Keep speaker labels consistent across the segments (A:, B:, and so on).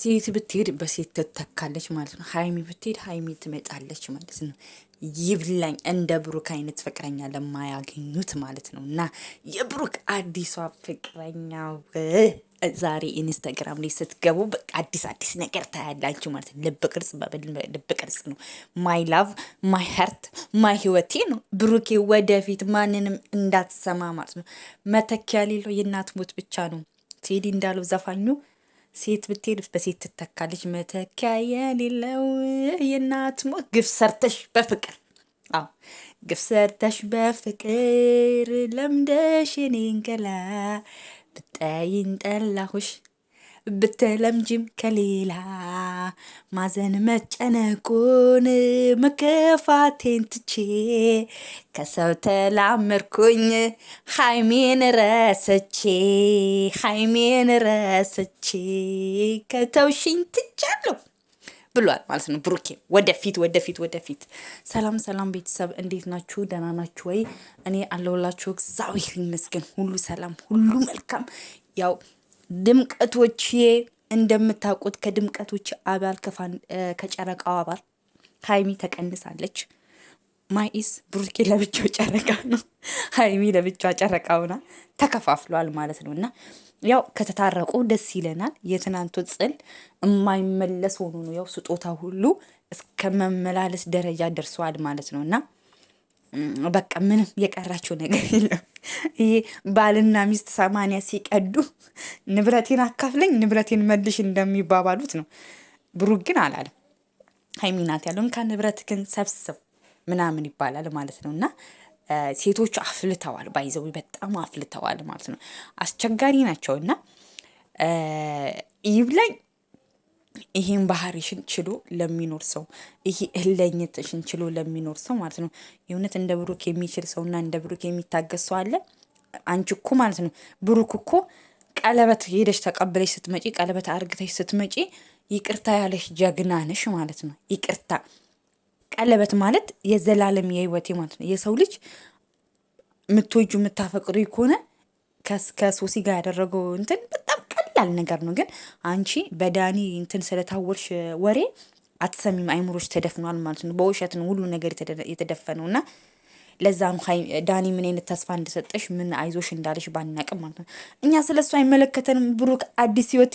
A: ሴት ብትሄድ በሴት ትተካለች ማለት ነው። ሀይሚ ብትሄድ ሀይሚ ትመጣለች ማለት ነው። ይብላኝ እንደ ብሩክ አይነት ፍቅረኛ ለማያገኙት ማለት ነው። እና የብሩክ አዲሷ ፍቅረኛ ዛሬ ኢንስታግራም ላይ ስትገቡ አዲስ አዲስ ነገር ታያላችሁ ማለት ነው። ልብ ቅርጽ ልብ ቅርጽ ነው። ማይ ላቭ ማይ ሀርት ማይ ህይወቴ ነው ብሩኬ። ወደፊት ማንንም እንዳትሰማ ማለት ነው። መተኪያ ሌለው የእናት ሞት ብቻ ነው። ቴዲ እንዳለው ዘፋኙ ሴት ብትሄድ በሴት ትተካለች። መተኪያ የሌለው የእናት ሞት ግፍ ሰርተሽ በፍቅር አዎ ግፍ ሰርተሽ በፍቅር ለምደሽ የኔን ገላ ብጠይን ጠላሁሽ ብትለምጂም ከሌላ ማዘን መጨነቁን መከፋቴን ትቼ ከሰው ተላመርኩኝ ሀይሜን ረሰቼ ሀይሜን ረሰቼ ከተውሽኝ ትቻለሁ ብሏል ማለት ነው። ብሩኬ ወደፊት ወደፊት ወደፊት። ሰላም ሰላም ቤተሰብ እንዴት ናችሁ? ደህና ናችሁ ወይ? እኔ አለሁላችሁ። እግዚአብሔር ይመስገን፣ ሁሉ ሰላም፣ ሁሉ መልካም። ያው ድምቀቶቼ እንደምታውቁት ከድምቀቶች አባል ከጨረቃው አባል ሀይሚ ተቀንሳለች። ማይስ ብሩኬ ለብቻው ጨረቃ ነው፣ ሀይሚ ለብቻ ጨረቃ ሆና ተከፋፍሏል ማለት ነው። እና ያው ከተታረቁ ደስ ይለናል። የትናንቱ ጥል የማይመለስ ሆኖ ነው ያው ስጦታ ሁሉ እስከ መመላለስ ደረጃ ደርሰዋል ማለት ነው እና በቃ ምንም የቀራቸው ነገር የለም። ይሄ ባልና ሚስት ሰማንያ ሲቀዱ ንብረቴን አካፍለኝ ንብረቴን መልሽ እንደሚባባሉት ነው። ብሩክ ግን አላለም። ሀይሚ ናት ያለውን ከንብረት ግን ሰብስብ ምናምን ይባላል ማለት ነው። እና ሴቶቹ አፍልተዋል፣ ባይዘዊ በጣም አፍልተዋል ማለት ነው። አስቸጋሪ ናቸው እና ይብላኝ ይሄን ባህሪሽን ችሎ ለሚኖር ሰው ይሄ እልህኝነትሽን ችሎ ለሚኖር ሰው ማለት ነው። የእውነት እንደ ብሩክ የሚችል ሰውና እንደ ብሩክ የሚታገስ ሰው አለ። አንቺ እኮ ማለት ነው ብሩክ እኮ ቀለበት ሄደሽ ተቀብለሽ ስትመጪ፣ ቀለበት አርግተሽ ስትመጪ ይቅርታ ያለሽ ጀግና ነሽ ማለት ነው። ይቅርታ ቀለበት ማለት የዘላለም የህይወቴ ማለት ነው። የሰው ልጅ የምትወጁ የምታፈቅሪ ከሆነ ከሶሲ ጋር ያደረገው እንትን በጣም ቀላል ነገር ነው። ግን አንቺ በዳኒ እንትን ስለታወርሽ ወሬ አትሰሚም። አይምሮች ተደፍኗል ማለት ነው። በውሸት ነው ሁሉ ነገር የተደፈነው እና ለዛ ነው ዳኒ ምን አይነት ተስፋ እንደሰጠሽ ምን አይዞሽ እንዳለሽ ባናቅም ማለት ነው። እኛ ስለ እሱ አይመለከተንም። ብሩክ አዲስ ህይወት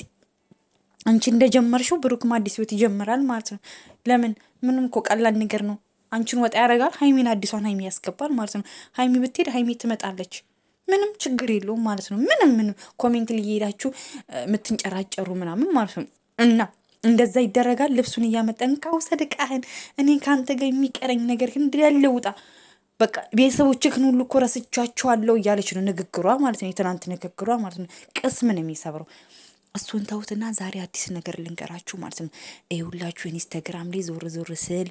A: አንቺ እንደጀመርሽው ብሩክም አዲስ ህይወት ይጀምራል ማለት ነው። ለምን ምንም እኮ ቀላል ነገር ነው። አንቺን ወጣ ያደርጋል። ሀይሚን አዲሷን ሀይሚ ያስገባል ማለት ነው። ሀይሚ ብትሄድ ሀይሚ ትመጣለች። ምንም ችግር የለውም ማለት ነው። ምንም ምንም ኮሜንት ሊሄዳችሁ የምትንጨራጨሩ ምናምን ማለት ነው እና እንደዛ ይደረጋል። ልብሱን እያመጠን ካውሰድ ቃህን እኔ ከአንተ ጋር የሚቀረኝ ነገር ግን ድለውጣ በቃ ቤተሰቦችህን ሁሉ እኮ ረስቻቸዋለሁ እያለች ነው ንግግሯ ማለት ነው። የትናንት ንግግሯ ማለት ነው። ቅስምን የሚሰብረው እሱን ተውትና ዛሬ አዲስ ነገር ልንገራችሁ ማለት ነው። ይሁላችሁ ኢንስታግራም ላይ ዞር ዞር ስል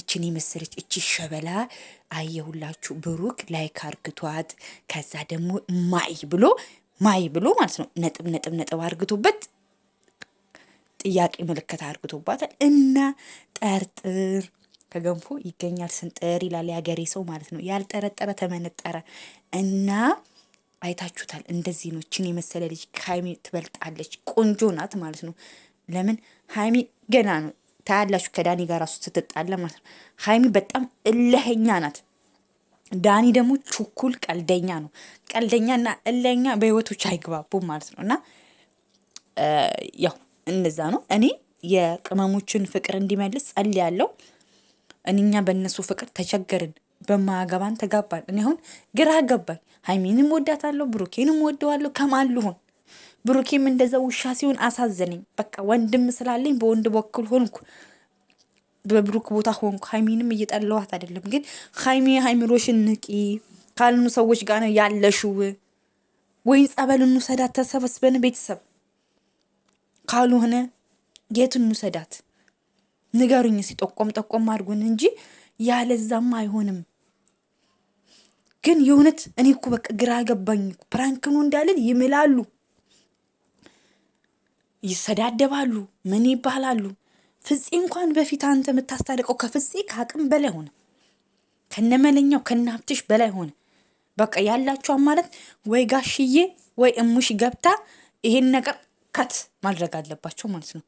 A: እችን የመሰለች እቺ ሸበላ አየሁላችሁ። ብሩክ ላይክ አርግቷት ከዛ ደግሞ ማይ ብሎ ማይ ብሎ ማለት ነው ነጥብ ነጥብ ነጥብ አርግቶበት ጥያቄ ምልክት አርግቶባታል። እና ጠርጥር ከገንፎ ይገኛል ስንጥር ይላል ያገሬ ሰው ማለት ነው። ያልጠረጠረ ተመነጠረ እና አይታችሁታል። እንደዚህ ነው። ችን የመሰለ ልጅ ከሀይሚ ትበልጣለች። ቆንጆ ናት ማለት ነው። ለምን ሀይሚ ገና ነው ታያላችሁ። ከዳኒ ጋር ሱ ስትጣለ ማለት ነው። ሀይሚ በጣም እልኸኛ ናት። ዳኒ ደግሞ ችኩል ቀልደኛ ነው። ቀልደኛና እለኛ በህይወቶች አይግባቡም ማለት ነው። እና ያው እነዛ ነው። እኔ የቅመሞችን ፍቅር እንዲመልስ ጸል ያለው እኛ በእነሱ ፍቅር ተቸገርን። በማያገባን ተጋባል። እኔ አሁን ግራ ገባኝ። ሀይሚንም ወዳታለሁ፣ ብሩኬንም ወደዋለሁ። ከማን ልሆን? ብሩኬም እንደዛ ውሻ ሲሆን አሳዘነኝ። በቃ ወንድም ስላለኝ በወንድ በኩል ሆንኩ፣ በብሩክ ቦታ ሆንኩ። ሀይሚንም እየጠለዋት አይደለም፣ ግን ሀይሚ ሀይሚሮሽን ንቂ ካልኑ ሰዎች ጋር ነው ያለሽው። ወይም ጸበል እንውሰዳት ተሰበስበን ቤተሰብ ካልሆነ የት እንውሰዳት? ንገሩኝ። ሲጠቆም ጠቆም አድርጉን እንጂ ያለዛም አይሆንም። ግን የእውነት እኔ እኮ በቃ ግራ ገባኝ። ፕራንክኑ እንዳለን ይምላሉ፣ ይሰዳደባሉ፣ ምን ይባላሉ። ፍፄ እንኳን በፊት አንተ የምታስታርቀው ከፍፄ ከአቅም በላይ ሆነ፣ ከነመለኛው ከነሀብትሽ በላይ ሆነ። በቃ ያላችኋን ማለት ወይ ጋሽዬ ወይ እሙሽ ገብታ ይሄን ነገር ከት ማድረግ አለባቸው ማለት ነው።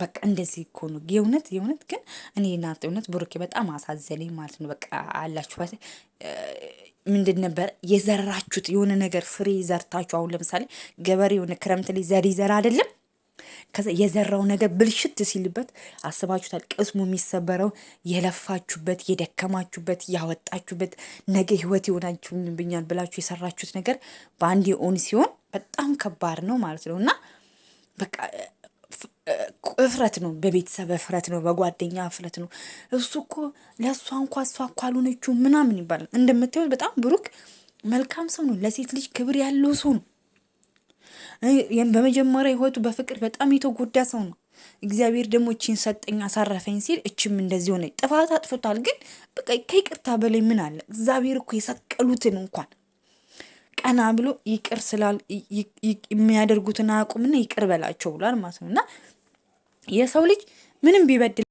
A: በቃ እንደዚህ እኮ ነው የእውነት የእውነት ግን እኔ እናንተ እውነት ብሩኬ በጣም አሳዘነኝ ማለት ነው። በቃ አላችሁ ምንድን ነበር የዘራችሁት? የሆነ ነገር ፍሬ ዘርታችሁ አሁን ለምሳሌ ገበሬ የሆነ ክረምት ላይ ዘር ይዘራ አይደለም ከዛ የዘራው ነገር ብልሽት ሲልበት አስባችሁታል? ቅስሙ የሚሰበረው የለፋችሁበት፣ የደከማችሁበት፣ ያወጣችሁበት ነገ ህይወት ብኛል ብላችሁ የሰራችሁት ነገር በአንድ የኦን ሲሆን በጣም ከባድ ነው ማለት ነው እና በቃ እፍረት ነው፣ በቤተሰብ እፍረት ነው፣ በጓደኛ እፍረት ነው። እሱ እኮ ለእሷ እንኳ እሷ እኮ አልሆነችው ምናምን ይባላል። እንደምታዩት በጣም ብሩክ መልካም ሰው ነው። ለሴት ልጅ ክብር ያለው ሰው ነው። በመጀመሪያ ህይወቱ በፍቅር በጣም የተጎዳ ሰው ነው። እግዚአብሔር ደግሞ እችን ሰጠኝ አሳረፈኝ ሲል እችም እንደዚህ ሆነ። ጥፋት አጥፍቷል፣ ግን በቃ ከይቅርታ በላይ ምን አለ? እግዚአብሔር እኮ የሰቀሉትን እንኳን ቀና ብሎ ይቅር ስላል የሚያደርጉትን አቁምና ይቅር በላቸው ብሏል ማለት ነው እና የሰው ልጅ ምንም ቢበድል